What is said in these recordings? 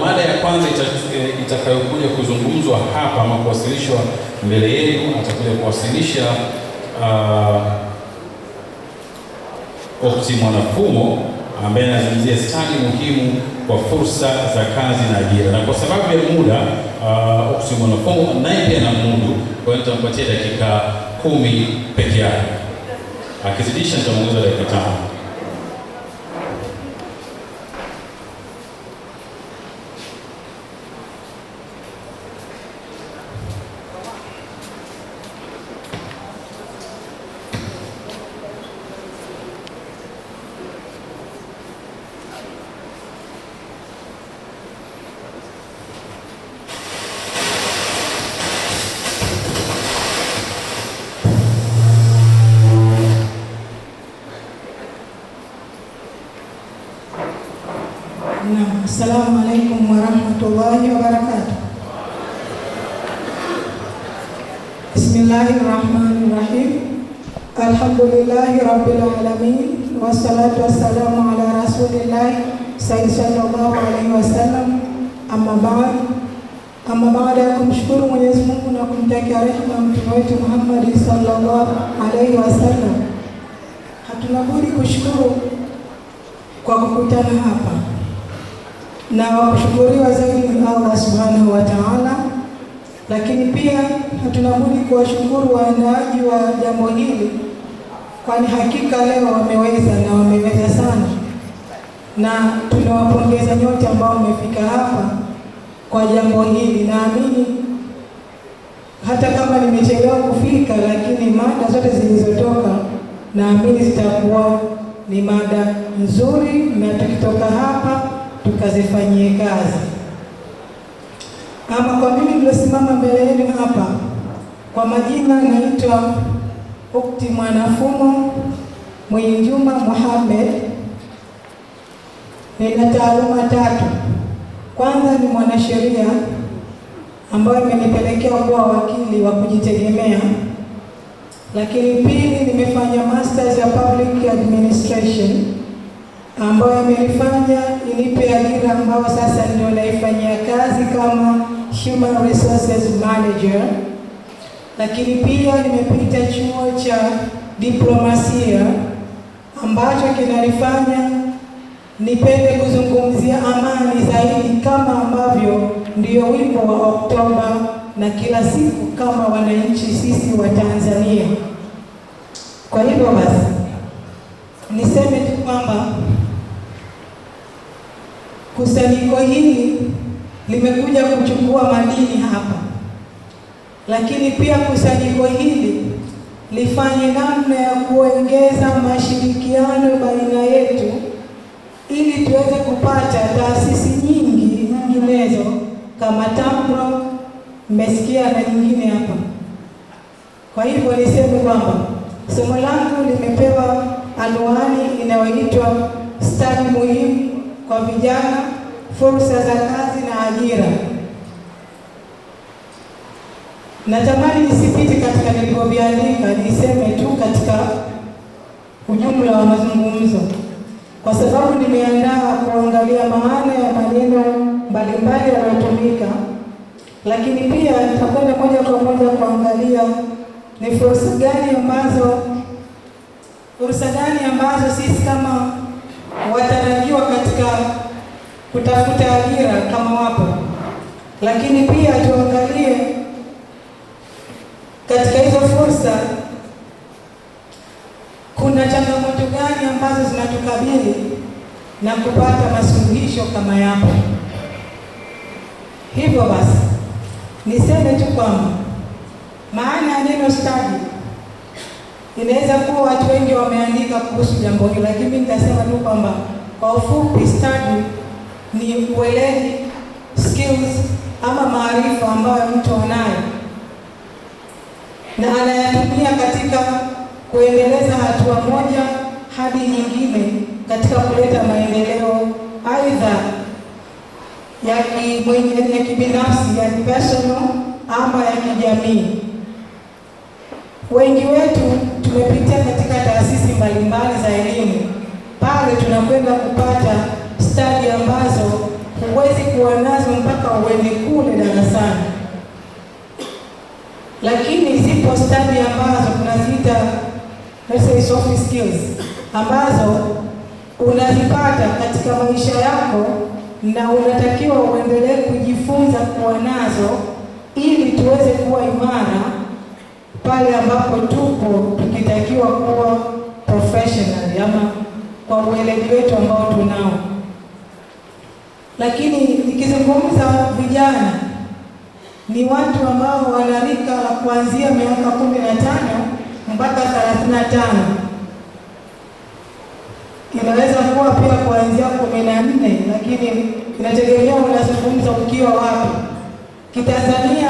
mara mada ya kwanza itakayokuja kuzungumzwa hapa ama kuwasilishwa mbele yenu, atakuja kuwasilisha uh, ah, Opti Mwanafumo ambaye anazungumzia stadi muhimu kwa fursa za kazi na ajira, na kwa sababu ya muda uh, ah, Opti Mwanafumo naye pia na mundu, kwa hiyo nitampatia dakika kumi peke yake, akizidisha nitamuongeza dakika tano. Assalamu alaikum warahmatullahi wabarakatuh. Bismillahi rahmani rahim. Alhamdulillahi rabbil alamin wassalatu wassalamu ala rasulillahi sallallahu alaihi wasallam. Amma baad, amma baada ya kumshukuru Mwenyezi Mungu na kumtakia rehema mtume wetu Muhammad sallallahu alaihi wasallam, hatuna budi kushukuru kwa kukutana hapa na washukuriwa zaidi ni Allah subhanahu wa taala, lakini pia hatuna budi kuwashukuru waandaaji wa jambo hili, kwani hakika leo wameweza na wameweza sana, na tunawapongeza nyote ambao mmefika hapa kwa jambo hili. Naamini hata kama nimechelewa kufika, lakini mada zote zilizotoka naamini zitakuwa ni mada nzuri, na tukitoka hapa tukazifanyie kazi. Kama kwa mimi niliosimama mbele yenu hapa, kwa majina naitwa Ukti Mwanafumo mwenye juma Mohamed. Nina taaluma tatu. Kwanza ni mwanasheria ambayo imenipelekea kuwa wakili wa kujitegemea, lakini pili, nimefanya masters ya public administration ambayo imenifanya inipe ajira ambayo sasa ndio naifanyia kazi kama human resources manager, lakini pia nimepita chuo cha diplomasia ambacho kinanifanya nipende kuzungumzia amani zaidi, kama ambavyo ndio wimbo wa Oktoba na kila siku kama wananchi sisi wa Tanzania. Kwa hivyo basi niseme tu kwamba Kusanyiko hili limekuja kuchukua madini hapa, lakini pia kusanyiko hili lifanye namna ya kuongeza mashirikiano baina yetu ili tuweze kupata taasisi nyingi nyinginezo kama TAMRO, mmesikia na nyingine hapa. Kwa hivyo niseme kwamba somo langu limepewa anwani inayoitwa stadi muhimu kwa vijana, fursa za kazi na ajira. Natamani nisipite katika nilivyoviandika, niseme tu katika ujumla wa mazungumzo, kwa sababu nimeandaa kuangalia maana ya maneno mbalimbali yanayotumika, lakini pia nitakwenda moja kwa moja kuangalia ni fursa gani ambazo fursa gani ambazo sisi kama watarajiwa katika kutafuta ajira kama wapo, lakini pia tuangalie katika hizo fursa kuna changamoto gani ambazo zinatukabili na kupata masuluhisho kama yapo. Hivyo basi niseme tu kwamba maana ya neno stadi Inaweza kuwa watu wengi wameandika kuhusu jambo hili, lakini mimi nitasema tu kwamba kwa ufupi, study ni uelewi, skills ama maarifa ambayo mtu anayo na anayatumia katika kuendeleza hatua moja hadi nyingine katika kuleta maendeleo aidha ya kimwenye, ya kibinafsi, ya personal ama ya kijamii. Wengi wetu tumepitia katika taasisi mbalimbali za elimu, pale tunakwenda kupata stadi ambazo huwezi kuwa nazo mpaka uende kule darasani, lakini zipo stadi ambazo tunaziita soft skills ambazo unazipata katika maisha yako na unatakiwa uendelee kujifunza kuwa nazo ili tuweze kuwa imara pale ambapo tupo tunatakiwa kuwa professional ama kwa ueledi wetu ambao tunao. Lakini nikizungumza vijana, ni watu ambao wanarika la kuanzia miaka kumi na tano mpaka thelathini na tano inaweza kuwa pia kuanzia kumi na nne lakini inategemea unazungumza ukiwa wapi. Kitanzania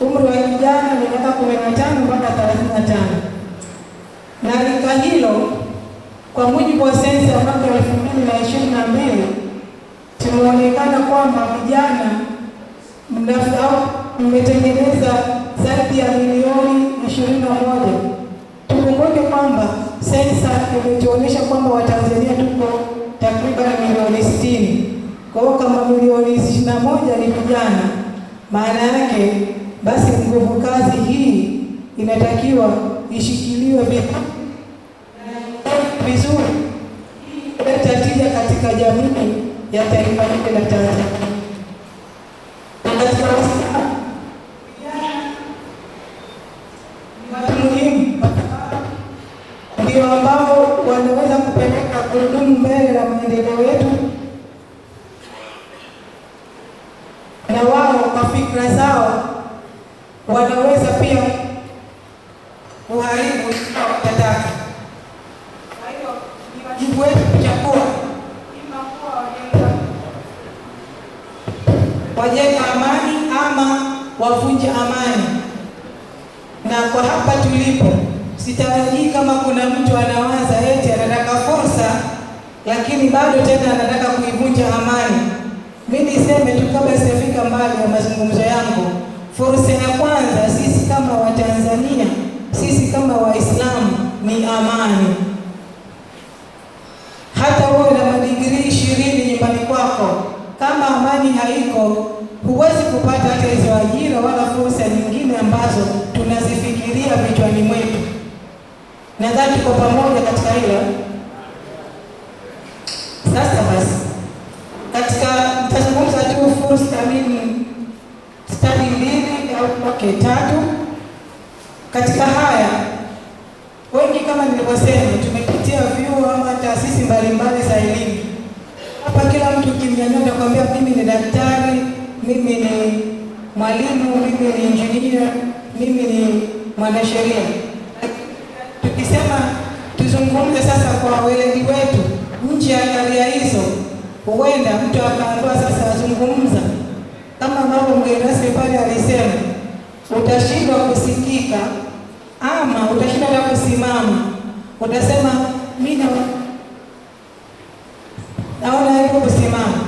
umri wa kijana ni miaka kumi na tano mpaka thelathini na tano na rika hilo, kwa mujibu wa sensa ya mwaka elfu mbili na ishirini na mbili tumeonekana kwamba vijana mnafau mmetengeneza zaidi ya milioni ishirini na moja. Tukumbuke kwamba sensa imetuonyesha kwamba Watanzania tuko takriban milioni sitini. Kwa hiyo kama milioni ishirini na moja ni vijana, maana yake basi nguvu kazi hii inatakiwa ishikiliwe vipi vizuri, leta tija katika jamii ya taifa hili la Tanzania. kuharibu tatatu. Ni wetu kuchagua wajenga amani ama wavunja amani. Na kwa hapa tulipo, sitarajii kama kuna mtu anawaza eti anataka fursa, lakini bado tena anataka kuivunja amani. Mi niseme tu kabla sijafika mbali ya mazungumzo yangu, fursa ya kwanza sisi kama Watanzania sisi kama Waislamu ni amani. Hata uwe na madigirii ishirini nyumbani kwako, kama amani haiko, huwezi kupata hata hizo ajira wala fursa nyingine ambazo tunazifikiria vichwani mwetu. Nadhani tuko pamoja katika hilo. Sasa basi, katika nitazungumza tu fursa mimi stadi mbili au okay, tatu katika kujiamini, utakwambia mimi ni daktari, mimi ni mwalimu, mimi ni injinia, mimi ni mwanasheria. Tukisema tuzungumze sasa kwa weledi wetu nje ya nadharia hizo, huenda mtu akaambiwa sasa azungumza kama ambavyo mgeni rasmi pale alisema, utashindwa kusikika ama utashindwa hata kusimama, utasema mimi naona hivyo kusimama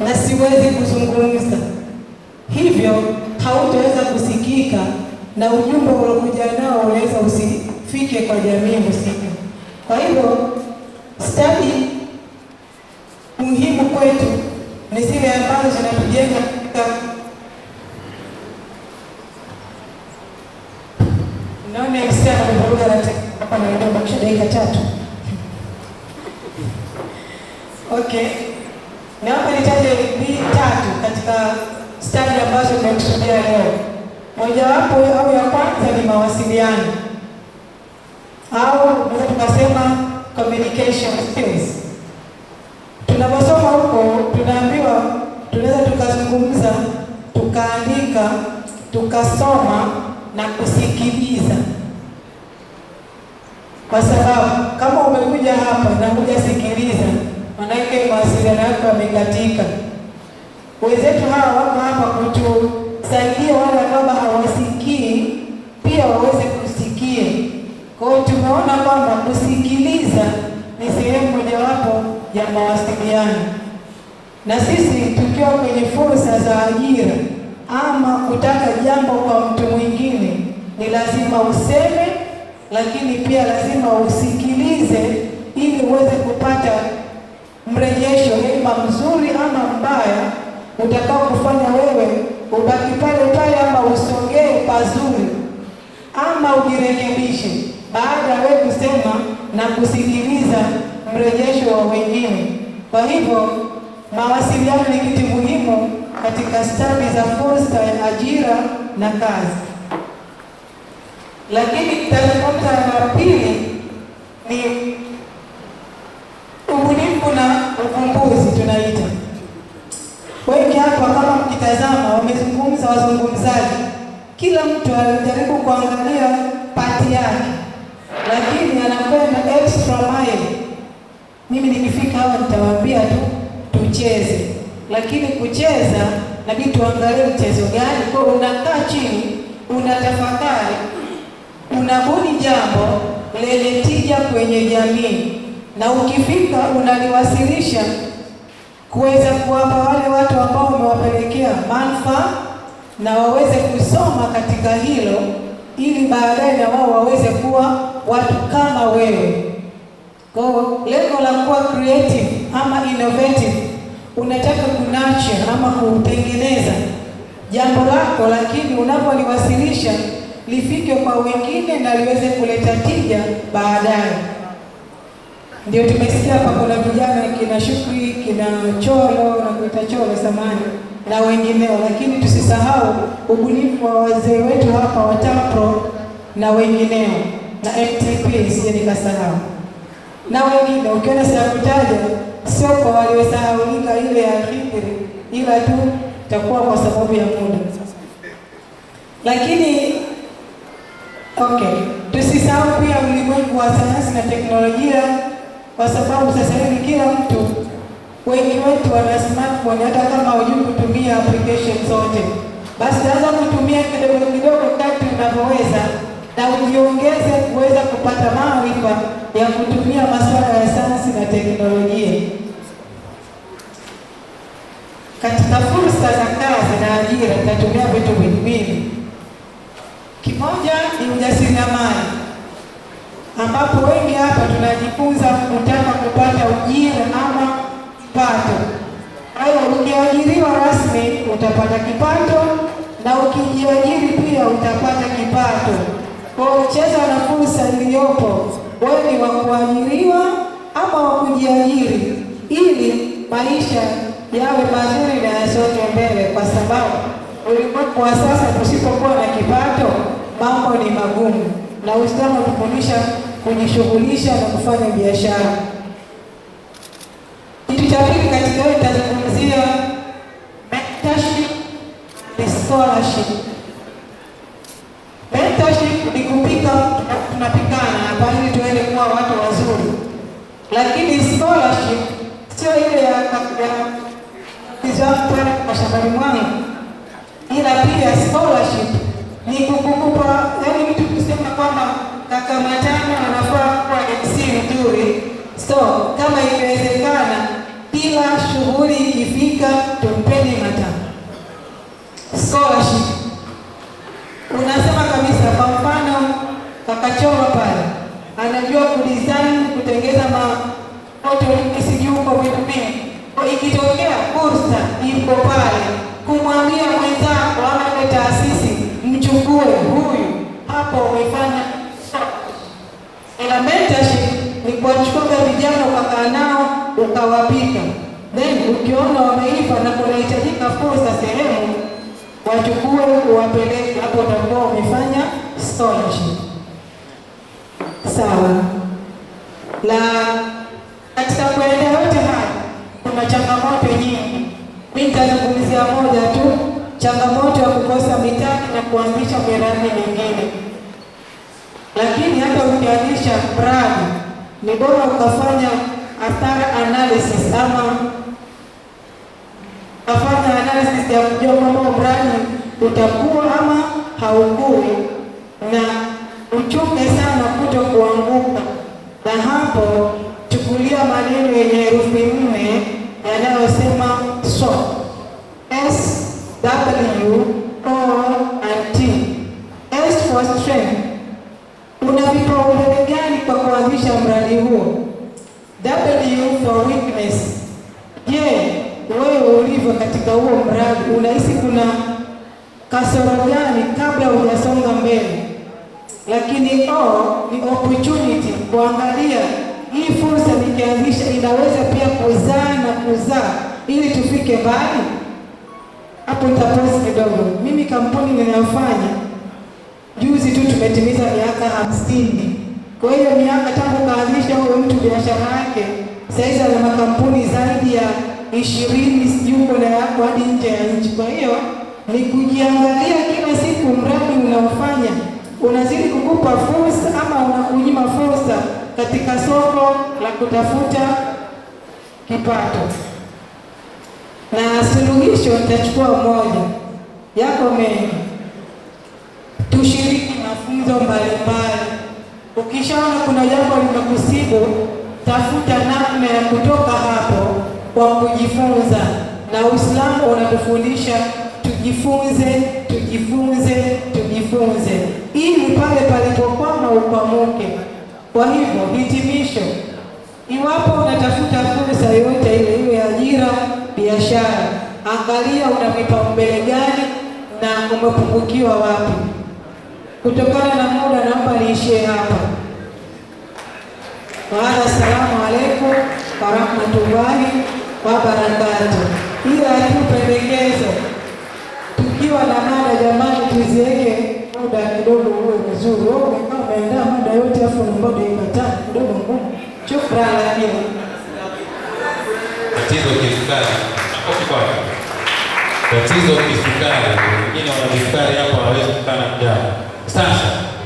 na siwezi kuzungumza, hivyo hautaweza kusikika na ujumbe uliokuja nao unaweza usifike kwa jamii husika. Kwa hivyo stadi muhimu kwetu ni zile ambazo zinatujenga naona dakika tatu. Okay. Naomba nitaje tatu katika stadi ambazo tunakusudia leo. Mojawapo au ya kwanza ni mawasiliano au naweza tukasema communication skills. Tunaposoma huko tunaambiwa tunaweza tukazungumza, tukaandika, tukasoma na kusikiliza, kwa sababu kama umekuja hapa na hujasikiliza sikiliza manake mawasiliano yako yamekatika. Wenzetu hawa wako hapa kutusaidia wale ambao hawasikii pia waweze kusikia. Kwa hiyo tumeona kwamba kusikiliza ni sehemu mojawapo ya mawasiliano, na sisi tukiwa kwenye fursa za ajira ama kutaka jambo kwa mtu mwingine, ni lazima useme, lakini pia lazima usikilize ili uweze kupata mrejesho, ima mzuri ama mbaya, utakao kufanya wewe ubaki pale pale ama usongee pazuri ama ujirekebishe, baada ya wewe kusema na kusikiliza mrejesho wa wengine. Kwa hivyo mawasiliano ni kitu muhimu katika stadi za fursa ya ajira na kazi. Lakini tafakari ya pili ni ufumbuzi tunaita. Wengi hapa kama mkitazama, wamezungumza wazungumzaji, kila mtu anajaribu kuangalia pati yake, lakini anakwenda extra mile. Mimi nikifika hapa nitawaambia tu tucheze, lakini kucheza nabidi tuangalie mchezo gani. Kwa unakaa chini unatafakari, unabuni jambo lenye tija kwenye jamii na ukifika unaliwasilisha kuweza kuwapa wale watu ambao umewapelekea manufaa na waweze kusoma katika hilo, ili baadaye na wao waweze kuwa watu kama wewe. Kwa lengo la kuwa creative ama innovative, unataka kunache ama kutengeneza jambo lako, lakini unapoliwasilisha lifike kwa wengine na liweze kuleta tija baadaye. Ndio tumesikia hapa kuna vijana kina Shukri, kina Cholo na kuita Cholo samani na wengineo, lakini tusisahau ubunifu wa wazee wetu hapa wa TAMPRO na wengineo na FTP, sije nikasahau na wengine. Ukiona siakutaja sio kwa waliosahaulika ile ya hiri, ila tu takuwa kwa sababu ya muda, lakini okay, tusisahau pia ulimwengu wa sayansi na teknolojia kwa sababu sasa hivi kila mtu, wengi wetu wana smartphone, hata kama hujui kutumia application zote, basi anza kutumia kidogo kidogo kati unavyoweza, na ujiongeze kuweza kupata maarifa ya kutumia masuala ya sayansi na teknolojia katika fursa za kazi na ajira. Nitatumia vitu viwili, kimoja ni ujasiriamali ambapo wengi hapa tunajifunza kutaka kupata ujira ama kipato. Kwa hiyo ukiajiriwa rasmi utapata kipato na ukijiajiri pia utapata kipato. Kwa hiyo na fursa iliyopo, wewe ni wa kuajiriwa ama wa kujiajiri, ili maisha yawe mazuri na yasonge mbele, kwa sababu ulimwengu wa sasa tusipokuwa na kipato mambo ni magumu, na Uislamu tufundisha kujishughulisha na kufanya biashara. Kitu cha pili katika hiyo nitazungumzia mentorship na scholarship. Mentorship ni kupika, tunapikana hapa ili tuende kuwa watu wazuri, lakini scholarship sio ile ya kizampana mashambani mwangu, ila pia scholarship ni kukukupa, yaani mtu kusema kwamba kaka Matano anafaa kuwa MC mzuri. So kama ikiwezekana, kila shughuli ikifika, tumpeni matano scholarship. Unasema kabisa, kwa mfano Choma pale, anajua kudesign kutengeza maotokisijuko vitumia, ikitokea fursa ipo pale kumwambia mwenzako ama ile taasisi, mchukue huyu, hapo umefanya mentorship ni kuwachukua vijana ukakaa nao ukawapika, then ukiona wameiva na kunahitajika fursa sehemu, wachukue uwapeleke hapo, utakuwa umefanya stonji sawa. la katika kuenda yote haya kuna changamoto nyingi, mi nitazungumzia moja tu, changamoto ya kukosa mitaji na kuanzisha miradi mingine lakini hata ukianisha mradi ni bora ukafanya athara analysis ama afanya analysis ya kujua kama mradi utakuwa ama haukui, na uchunge sana kuto kuanguka. Na hapo chukulia maneno yenye herufi nne yanayosema so s unahisi kuna kasoro gani kabla hujasonga mbele, lakini o oh, ni opportunity kuangalia hii fursa nikianzisha inaweza pia kuzaa na kuzaa ili tufike mbali. Hapo nitaposi kidogo. Mimi kampuni ninayofanya juzi tu tumetimiza miaka hamsini. Kwa hiyo miaka tangu kaanzisha huyo mtu biashara yake, saizi ana makampuni zaidi ya ishirini sijui mbona yako hadi nje ya nchi. Kwa hiyo ni kujiangalia kila siku, mradi unaofanya unazidi kukupa fursa ama unakunyima fursa katika soko la kutafuta kipato. Na suluhisho nitachukua moja, yako mengi. Tushiriki mafunzo mbalimbali. Ukishaona kuna jambo limekusibu, tafuta namna ya kutoka hapo kwa kujifunza, na Uislamu unatufundisha tujifunze, tujifunze, tujifunze ili pale palipokwama upamuke. Kwa hivyo hitimisho, iwapo unatafuta fursa yoyote ile, iwe ajira, biashara, angalia una vipaumbele gani na umepungukiwa wapi. Kutokana na muda, naomba niishie hapa. Waala, assalamu alaikum warahmatullahi wa Barakatu. Hiyo haikupendekezwa. Tukiwa na mada jamani, tuziweke muda kidogo uwe mzuri. Wewe umekaa umeandaa muda yote afu na kidogo ngumu. Chukra lakini. Tatizo kisukari. Hapo kwa. Tatizo kisukari. Wengine wana kisukari hapo hawezi kukana mjao. Sasa